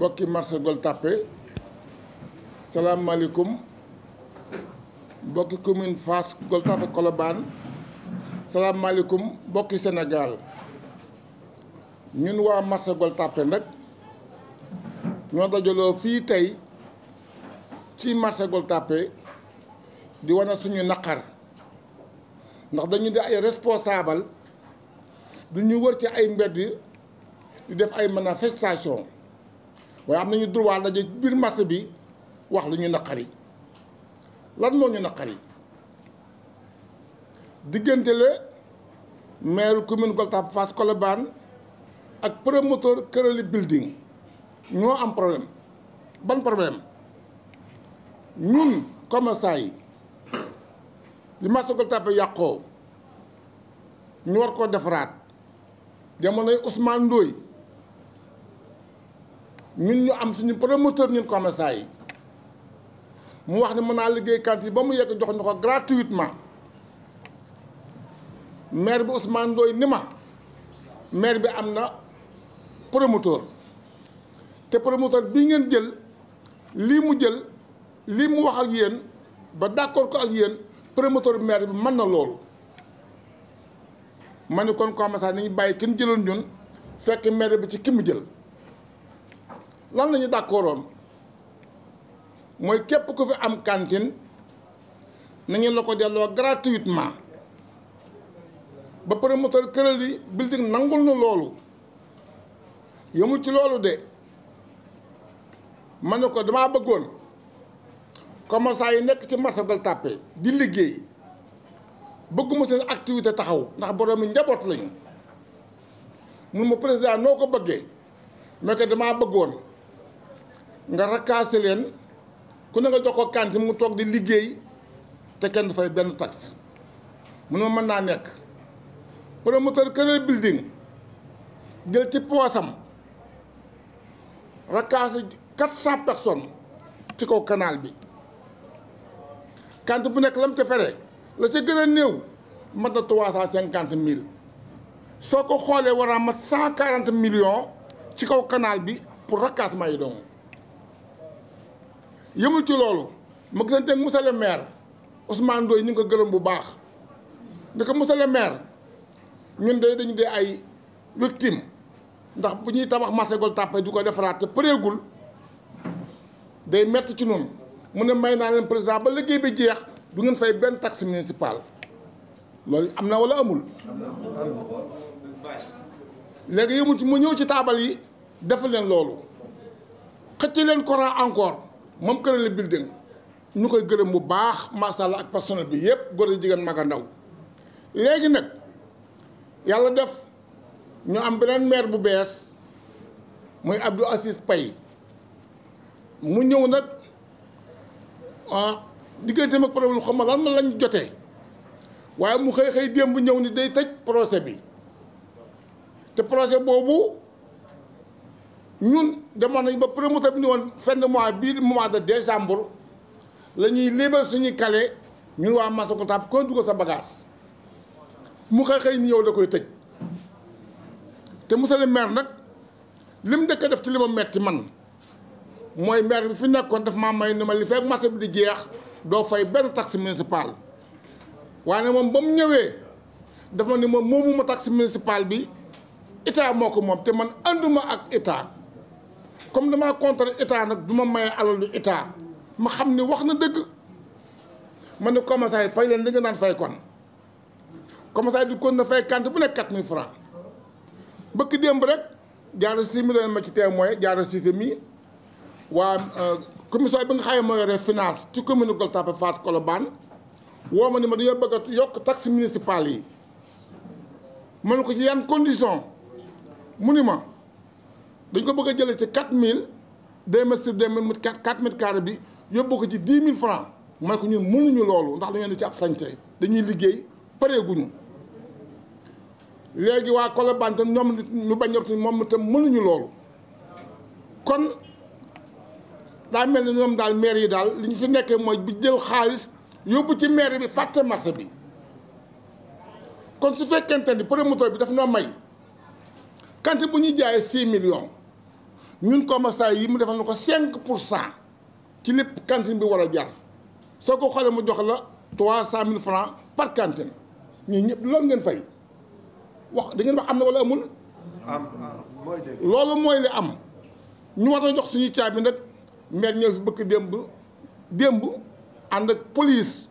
bokki marché Gueule Tapée salaamaaleykum bokki commune Fass Gueule Tapée Colobane salaamaaleykum bokki Sénégal ñun waa marché Gueule Tapée nag ñoo dajaloo fii tey ci marché Gueule Tapée di wane suñu naqar ndax dañu di ay responsable du ñu wër ci ay mbedd di def ay manifestation waaye am nañu droit daje biir marché bi wax lu ñu naqari lan moo ñu naqari diggante la maire commune Gueltap Fass Colobane ak promoteur Kërëli building ñoo am problème ban problème ñun commerçant yi li marché Gueltap yàqoo ñu war koo defaraat jamonoy Ousmane Ndoye ñun ñu am suñu promoteur ñun commerçant yi mu wax ne mën naa liggéey cantine ba mu yegg jox ñu ko gratuitement maire bi Ousmane Ndoye ni ma maire bi am na promoteur te promoteur bii ngeen jël lii mu jël lii mu wax ak yéen ba d'accord ko ak yéen promoteur maire bi mën na loolu ma ne kon ni nañu bàyyi kenn jëloon ñun fekk maire bi ci ki jël lan la ñu d'accordoon mooy képp ku fi am cantine nañu la ko delloo gratuitement ba promoteur këral yi building nangul na loolu yëmul ci loolu de ma ne ko damaa bëggoon commerçant yi nekk ci marché Gueule Tapée di liggéey bëgguma seen activité taxaw ndax boroomi njaboot lañu mun ma président noo ko bëggee mais que damaa bëggoon nga rakaase leen ku ne nga jox ko kant mu toog di liggéey te kenn du benn taxe mu ne ma mën naa nekk promoteur këral building jël ci poosam rakaase cent personnes ci kaw kanaal bi cantine bu nekk lam te fere la ci gën a néew mat na trois cent cinquante mille soo ko xoolee war a mat cent quarante millions ci kaw kanaal bi pour rakaas may doom yëmul ci loolu mu gisante ak monsieur le maire Ousmane Ndoye ñu ngi ko gërëm bu baax ne ko monsieur le maire ñun de dañu dee ay victime ndax bu ñuy tabax marché Gueule Tapée du ko defaraat te pareegul day metti ci noonu mu ne may naa leen président ba liggéey bi jeex du ngeen fay benn taxe municipale loolu am na wala amul. léegi yëmul ci mu ñëw ci taabal yi def leen loolu xëcc leen courant encore. moom Këral building ñu koy gërëm bu baax macha allah ak personnel bi yëpp góor a jigéen mag a léegi nag yàlla def ñu am beneen maire bu bees muy Abdou Aziz Paye mu ñëw nag ah diggante ak problème xam ma lañ jotee waaye mu xëy xëy démb ñëw ni day tëj projet bi te projet boobu. ñun demoon nañ ba promoteur bi ni woon fin de mois bii mois de décembre la ñuy libéré suñuy kale ñun waa ko Tap kon dugal sa bagaas mu xëy xëy ni yow da koy tëj te monsieur le maire nag lim dëkk def ci li metti man mooy maire bi fi nekkoon daf ma may ni ma li fekk marché bi di jeex doo fay benn taxe municipal waaye moom ba mu ñëwee dafa ni ma moomuma taxe bi état moo ko moom te man ànduma ak état. comme damaa contre état nag du ma maye alalu état ma xam ni wax na dëgg ma ne commissaire fay leen li nga naan fay kon commissaire du kon na fay kant bu nekk 4000 francs bëkk démb rek jaaro si mi doon ma ci témoin jaara si mi waa euh, commission ba nga xam ne moo yore finance ci commune Gueule Tapée Fass Colobane woo ma ni ma dañoo bëgg a yokk taxe municipale yi ma ne ko ci yan condition mu ni ma dañ ko bëgg a jëlee ci 4000 deux mètres sur deux mètres 4 mètres carré bi yóbbu ko ci 10 000 francs mooy ko ñun mënuñu loolu ndax dañoo ne ci ab sañte dañuy liggéey pareeguñu léegi waa Colobane tam ñoom ñu bañ a moom itam mënuñu loolu kon daa mel ni ñoom daal maire yi daal li ñu fi nekkee mooy bu jël xaalis yóbbu ci maire bi fàtte marché bi kon su fekkente ni promoteur bi daf noo may kante bu ñuy jaayee 6 millions. ñun commerçant yi mu defal na ko 5 pour cent ci lépp cantine bi war a jar soo ko xoolee mu jox la 300000 francs par cantine ñun ñëpp loolu ngeen fay wax da ngeen wax am na wala amul. am loolu mooy li am ñu war a jox suñu caabi nag maire ñëw fi bëgg démb démb ànd ak police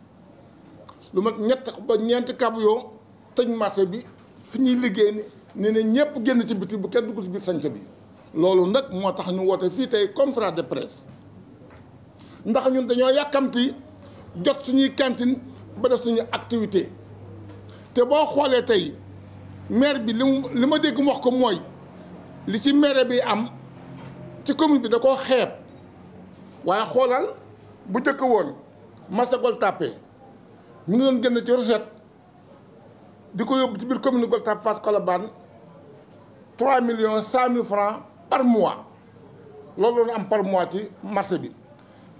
lu mat ñett ba ñeenti kab yoo tëj marché bi fi ñuy liggéey ne ne ñëpp génn ci biti bu kenn dugg ci biir sanc bi. loolu nag moo tax ñu woote fii tey conférence de presse ndax ñun dañoo yàkkamti jot suñuy cantine ba def suñu activité te boo xoolee tey maire bi li li ma dégg mu wax ko mooy li ci maire bi am ci commune bi da koo xeeb waaye xoolal bu jëkk woon Massagol Tappé mu ngi doon génn ci recette di ko yóbbu ci biir commune Gueule Tapée Fass Colobane 3 millions 100 mille francs par mois loolu la am par mois ci marché bi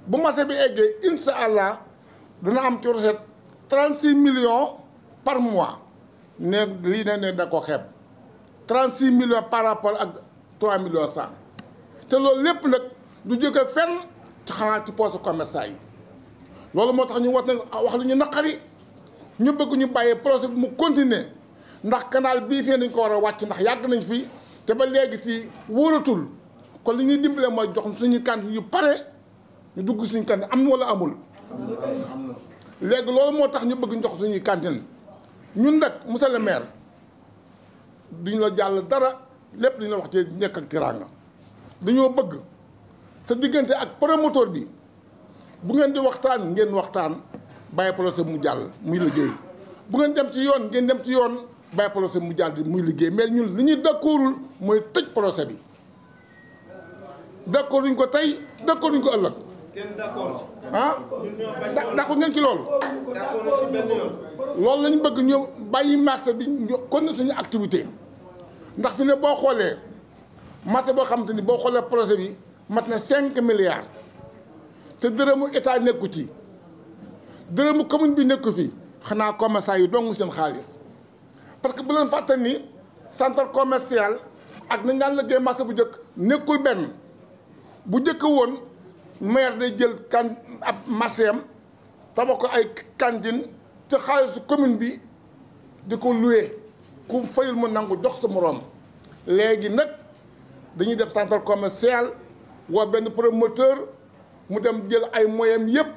bu marché bi eggee incha allah dana am ci recette 36 million par mois ne lii ne ne da ko xeeb 36 millions par rapport ak 3 millions 100 te loolu lépp nag du jóge fenn ci xanaa ci poche commerçant yi loolu moo tax ñu wax na wax lu ñu naqari ñu bëgg ñu bàyyee projet bi mu continuer ndax kanaal bii fii nañ ko war a wàcc ndax yàgg nañ fii te ba léegi ci wóoratul kon li ñuy dimbale mooy jox suñu kan yu pare ñu dugg suñu kan am wala amul. léegi loolu moo tax ñu bëgg jox suñuy cantine ñun nag monsieur le maire duñ la jàll dara lépp duñ la wax ci njëkk ak teraanga dañoo bëgg sa diggante ak promoteur bi bu ngeen di waxtaan ngeen waxtaan bàyyi projet mu jàll muy liggéey bu ngeen dem ci yoon ngeen dem ci yoon. bàyyi procès mu jàll muy liggéey mais ñun li ñuy d'accordul mooy tëj procès bi d'accord duñ ko tey d'accord duñ ko ëllëg. kenn d'accord ah d'accord ngeen ci loolu. loolu la ñu bëgg ñu bàyyi marché bi ñu kon suñu activité ndax fi ne boo xoolee marché boo xamante ni boo xoolee projet bi mat na cinq milliards te dërëmu état nekku ci dërëmu commune bi nekku fi xanaa commerçant yi dong seen xaalis parce que bu leen fàtte ni centre commercial ak nañ daan liggéey marché bu njëkk nekkul benn bu njëkk woon maire day jël kan ab marché am tabax ko ay cantine ci xaalisu commune bi di ko loué ku fayul mu nangu jox sa moroom léegi nag dañuy def centre commercial waa benn promoteur mu dem jël ay moyens yëpp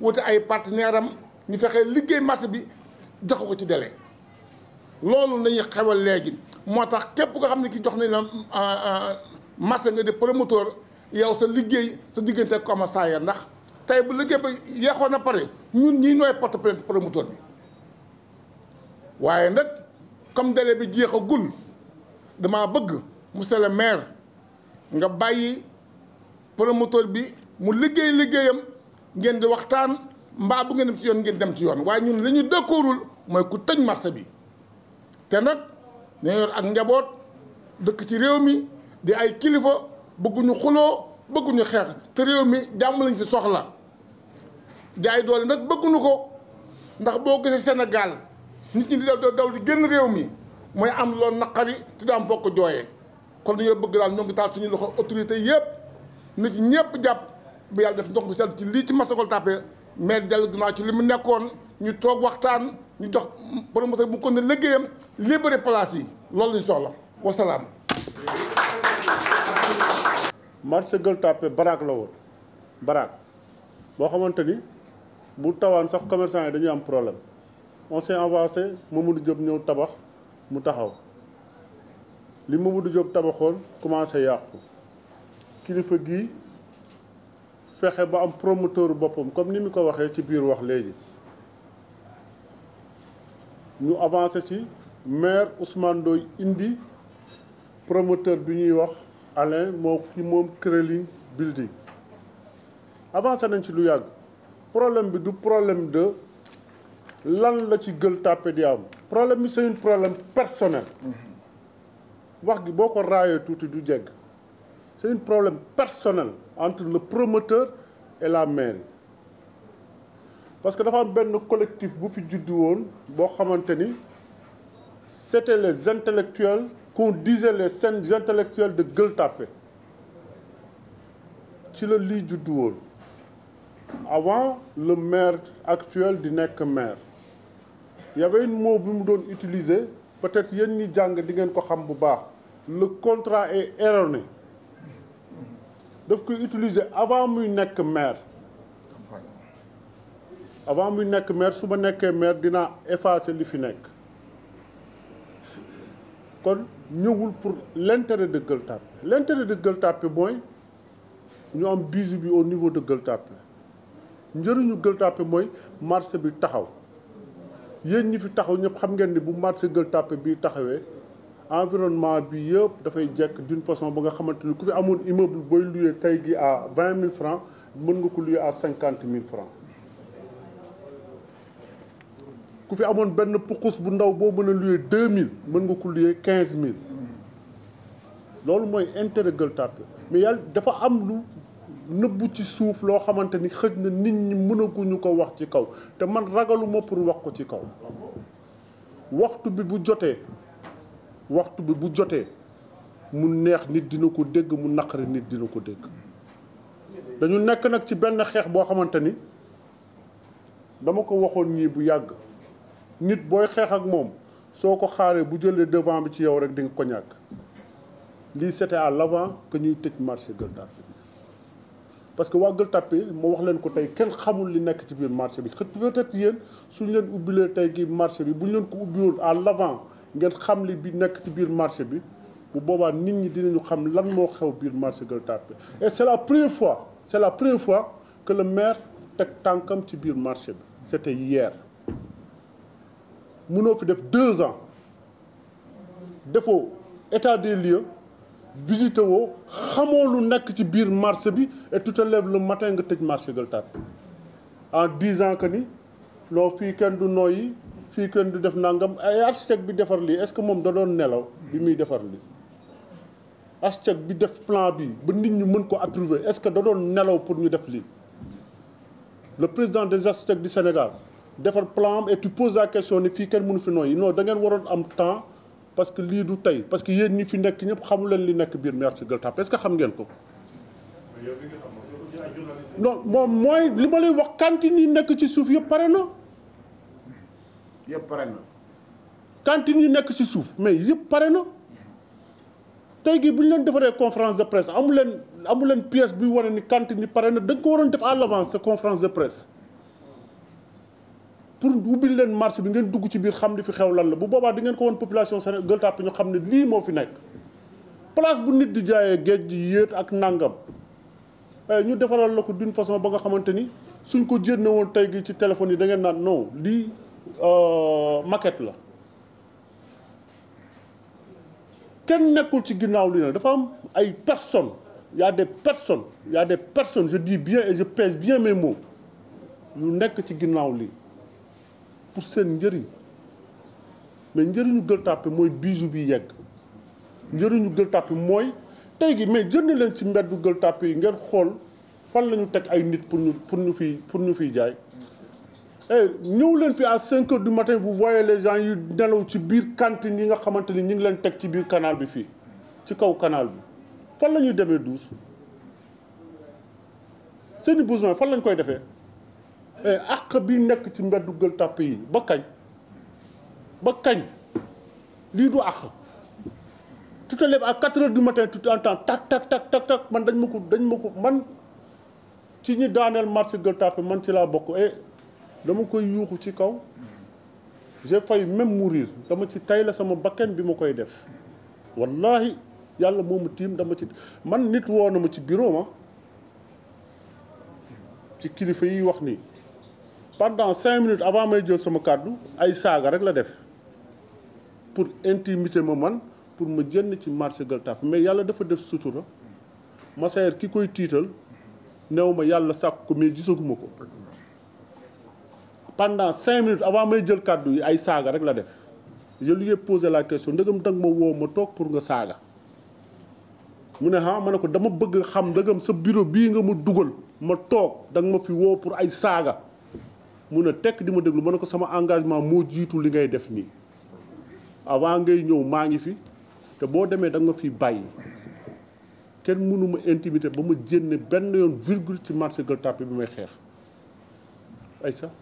wuti ay partenaire am ñu fexe liggéey marché bi jox ko ci délai. loolu nañu ñuy léegi moo tax képp ko xam ne ki jox nañ la euh, euh, marché nga di promoteur yow sa liggéey sa diggante ko ama saaya ndax tey bu liggéey ba yeexoon na pare ñun ñii nooy porte plainte promoteur bi waaye nag comme délai bi jeexagul damaa bëgg mu le maire nga bàyyi promoteur bi mu liggéey liggéeyam ngeen di waxtaan mbaa bu ngeen dem ci yoon ngeen dem ci yoon waaye ñun li ñu dëkkoorul mooy ku tëñ marché bi te nag ñoo ak njaboot dëkk ci réew mi di ay kilifa bëgguñu xuloo bëgguñu xeex te réew mi jàmm lañ ci soxla jaay doole nag bëgguñu ko ndax boo gisee Sénégal nit ñi di daw daw di génn réew mi mooy am loolu naqari te du am foo ko jooyee kon dañoo bëgg daal ñoo ngi ñu suñu loxo autorité yëpp nit ñi ñëpp jàpp bu yàlla def ndox mu sell ci lii ci Massa Gueye Tapé mais dellu ginnaaw ci li mu nekkoon. ñu toog waxtaan ñu jox promoteur mu ko ne liggéeyam libéré place yi loolu lañu soxla wasalaam. marché Gueule Tapée baraak la woon baraak boo xamante ni bu tawaan sax commerçant yi dañuy am problème on s'est avancé Mamadou Diop ñëw tabax mu taxaw li Mamadou Diop tabaxoon commencé yàqu kilifa gii fexe ba am promoteur boppam comme ni mu ko waxee ci biir wax léegi. ñu avancé ci maire Ousmane Ndoye indi promoteur bi ñuy wax Alain moo ci moom Krelling Building avancé nañ ci lu yàgg problème bi du problème de lan la ci gël Tapée di am problème bi c'est un problème personnel wax gi boo ko raayee tuuti du jegg c'est un problème personnel entre le promoteur et la mairie parce que dafa benn collectif bu fi juddu woon boo xamante ni c'était les intellectuels qu'on disait les saints intellectuels de Gueule Tapée ci la lii juddu woon avant le maire actuel di nekk maire y avait bi mu doon utiliser peut-être yéen ñi jàng di ngeen ko xam bu baax la contrat et erroné daf koy utiliser avant muy nekk maire avant muy nekk maire su ma nekkee maire dinaa effacer li fi nekk kon ñëwul pour l'intérêt de Gueule Tapée l'intérêt de Gueule Tapée mooy ñu am bisu bi au niveau de Gueule Tapée njëriñu Gueule Tapée mooy marché bi taxaw yéen ñi fi taxaw ñëpp xam ngeen ni bu marché Gueule Tapée bi taxawee environnement bi yëpp dafay jekk d'une façon ba nga xamante ni ku fi amoon immeuble booy louer tey gi à vingt mille francs mën nga ko luye à cinquante mille francs ku fi amoon benn pukus bu ndaw boo mën a luyee deux mille mën nga ko luyee quinze mille loolu mooy intérêt Gueule Tapée mais yàlla dafa am lu nëbbu ci suuf loo xamante ni xëj na nit ñi ñu ko wax ci kaw te man ragaluma pour wax ko ci kaw waxtu bi bu jotee waxtu bi bu jotee mu neex nit dina ko dégg mu naqari nit dina ko dégg dañu nekk nag ci benn xeex boo xamante ni dama ko waxoon ñii bu yàgg nit booy xeex ak moom soo ko xaaree bu jëlee devant bi ci yow rek di nga ko ñàkk lii c'était à l'avant que ñuy tëj marché Gueule Tapée parce que waa Gueule Tapée moo wax leen ko tey kenn xamul li nekk ci biir marché bi peut-être yéen suñ leen ubbilee tey gii marché bi bu ñu leen ko ubbiwoon à l'avant ngeen xam li bi nekk ci biir marché bi bu boobaa nit ñi dinañu xam lan moo xew biir marché Gueule Tapée et c'est la première fois c'est la première fois que le maire teg tànkam ci biir marché bi c'était hier mënoo fi def deux ans defoo état des lieux visitoo woo xamoo lu nekk ci biir marché bi et tu te lèves le matin nga tëj marché Gueule Tapée en ans que ni loo fii kenn du noyyi fii kenn du def nangam ay architecte bi defar lii est-ce que moom da doon nelaw bi muy defar lii architecte bi def plan bi ba nit ñu mën ko approuver est-ce que da doon nelaw pour ñu def lii le président des architectes du Sénégal defar plan et tu poses la question ni fii kenn mënu fi nooyi non da ngeen waroon am temps parce que lii du tey parce que yéen ñi fi nekk ñëpp xamu leen li nekk biir merci Gueule Tapée est-ce que xam ngeen ko. non moom mooy li ma lay wax cantine yi nekk ci suuf yëpp pare na. yëpp pare nekk ci suuf mais yëpp pare na. tey gi bu ñu leen defaree conférence de presse amu leen amu leen pièce buy wane ni cantine yi pare na da nga ko waroon def à l'avance sa conférence de pour ubbil leen marché bi ngeen dugg ci biir xam li fi xew lan la bu boobaa di ngeen ko woon population Sénégal Gueule Tapée ñu xam ne lii moo fi nekk place bu nit di jaayee géej gi yéet ak nàngam eh, ñu defaral la ko d'une façon ba nga xamante ni suñ ko jénne woon tey gi ci téléphone yi da ngeen naan non lii euh, maquette la kenn nekkul ci ginnaaw li na dafa am ay personnes y de des personnes y a des personnes je bien et je pèse bien mes mots yu nekk ci ginnaaw lii pour seen njëriñ mais njëriñu Gueule Tapée mooy bijou bi yegg njëriñu Gueule Tapée mooy tey gi mais jënd leen ci mbeddu Gueule Tapée yi ngeen xool fan la ñu teg ay nit pour ñu pour ñu fiy pour ñu fiy jaay eh ñëw leen fi à 5 heures du matin vous voyez les gens yu nelaw ci biir cantine yi nga xamante ni ñu ngi leen teg ci biir kanaal bi fii ci kaw kanaal bi fan la ñuy demee douze seeni besoin fan lañ koy defee mais eh, àq bi nekk ci mbeddu Gueule Tapée yi ba kañ ba kañ lii du àq tu te lèves à quatre heures du matin tu entends tak tak tak man dañ ma ko dañ ma ko man ci ñi daaneel marché Gueule Tapée man ci laa bokk eh, dama koy yuuxu ci kaw j'ai failli même riir dama ci tay la sama bakken bi ma koy def wallahi yàlla moomu tiim dama ci man nit woo na ci bureau ma ci kilifa yi wax nii pendant cinq minutes avant may jël sama kàddu ay saaga rek la def pour intimité ma man pour ma jënd ci marché Gueule Tapée mais yàlla dafa def sutura Massaer ki koy tiital néew ma yàlla sàkk ko mais gisaguma ko pendant cinq minutes avant may jël kàddu yi ay saaga rek la def je lui ai posé la question ndegam danga ma woo ma toog pour nga saaga mu ne ah ma ne ko dama bëgg xam ndegam sa bureau bii nga ma dugal ma toog danga ma fi woo pour ay saaga mun a tekk di ma déglu ma ne ko sama engagement moo jiitu li ngay def nii avant ngay ñëw maa ngi fi te boo demee da nga fi bàyyi kenn mënu intimité ba ma jénne benn yoon virgule ci marché Gueule Tapée bi may xeex ay sax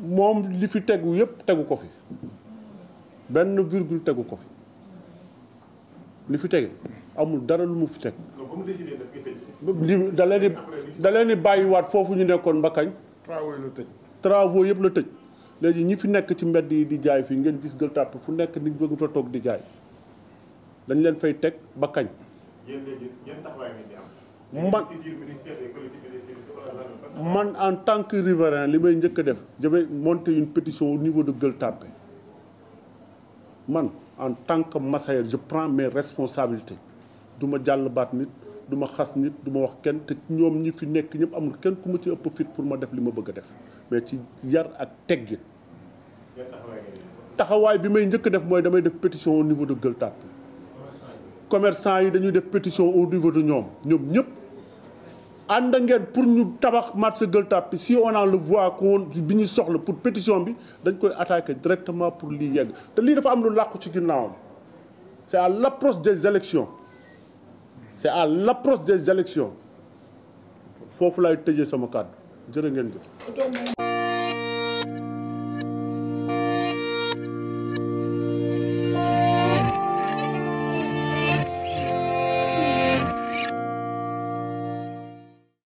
moom li fi tegu yépp tegu ko fi benn virgule tegu ko fi li fi tege amul dara lu mu fi teg. li da leen bàyyiwaat foofu ñu nekkoon ba kañ. travaux yi la tëj. yëpp la tëj léegi ñi fi nekk ci mbedd yi di jaay fii ngeen gis gël tàpp fu nekk nit bëgg fa toog di jaay dañ leen fay teg ba kañ. man man en tant que riverain li may njëkk a def je vais une pétition au niveau de Gueule Tapée man en tant que massailleur je prends mes responsabilités du ma jàll baat nit du ma xas nit du ma wax kenn te ñoom ñi fi nekk ñëpp amul kenn ku ma ci ëpp fit pour ma def li ma bëgg def mais ci yar ak teggin taxawaay bi may njëkk def mooy damay def pétition au niveau de Gueule Tapée commerçant yi dañuy def pétition au niveau de ñoom ñoom ñëpp ànd ngeen pour ñu tabax marché Gueule Tapée si on en le voit qu'on bi ñu soxla pour pétition bi dañ koy attaquer directement pour lii yegg te lii dafa am lu làqu ci ginnaawam c'est à l'approche des élections c'est à l'approche des élections foofu lay tëjee sama kàddu jërë ngeen jëf